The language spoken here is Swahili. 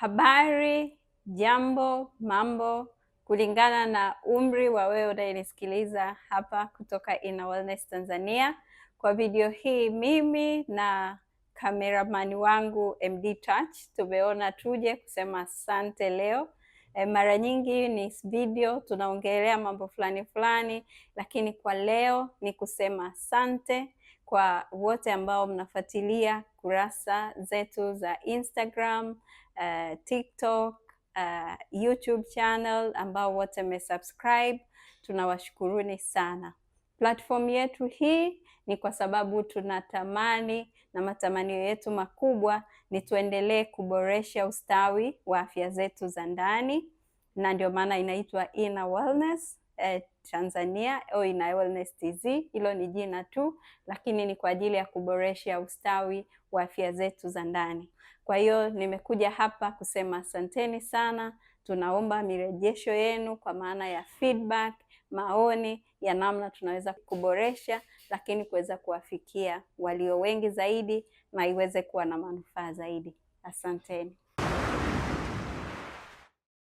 Habari, jambo, mambo, kulingana na umri wa wewe unayenisikiliza hapa kutoka Inner Wellness Tanzania. Kwa video hii, mimi na kameramani wangu MD Touch tumeona tuje kusema asante leo. E, mara nyingi ni video tunaongelea mambo fulani fulani, lakini kwa leo ni kusema asante kwa wote ambao mnafuatilia kurasa zetu za Instagram, uh, TikTok, uh, YouTube channel ambao wote mmesubscribe, tunawashukuruni sana. Platform yetu hii ni kwa sababu tunatamani na matamanio yetu makubwa ni tuendelee kuboresha ustawi wa afya zetu za ndani, na ndio maana inaitwa Inner Wellness eh, Tanzania Oina Wellness TZ. Hilo ni jina tu, lakini ni kwa ajili ya kuboresha ustawi wa afya zetu za ndani. Kwa hiyo nimekuja hapa kusema asanteni sana. Tunaomba mirejesho yenu kwa maana ya feedback, maoni ya namna tunaweza kuboresha, lakini kuweza kuwafikia walio wengi zaidi na iweze kuwa na manufaa zaidi. Asanteni.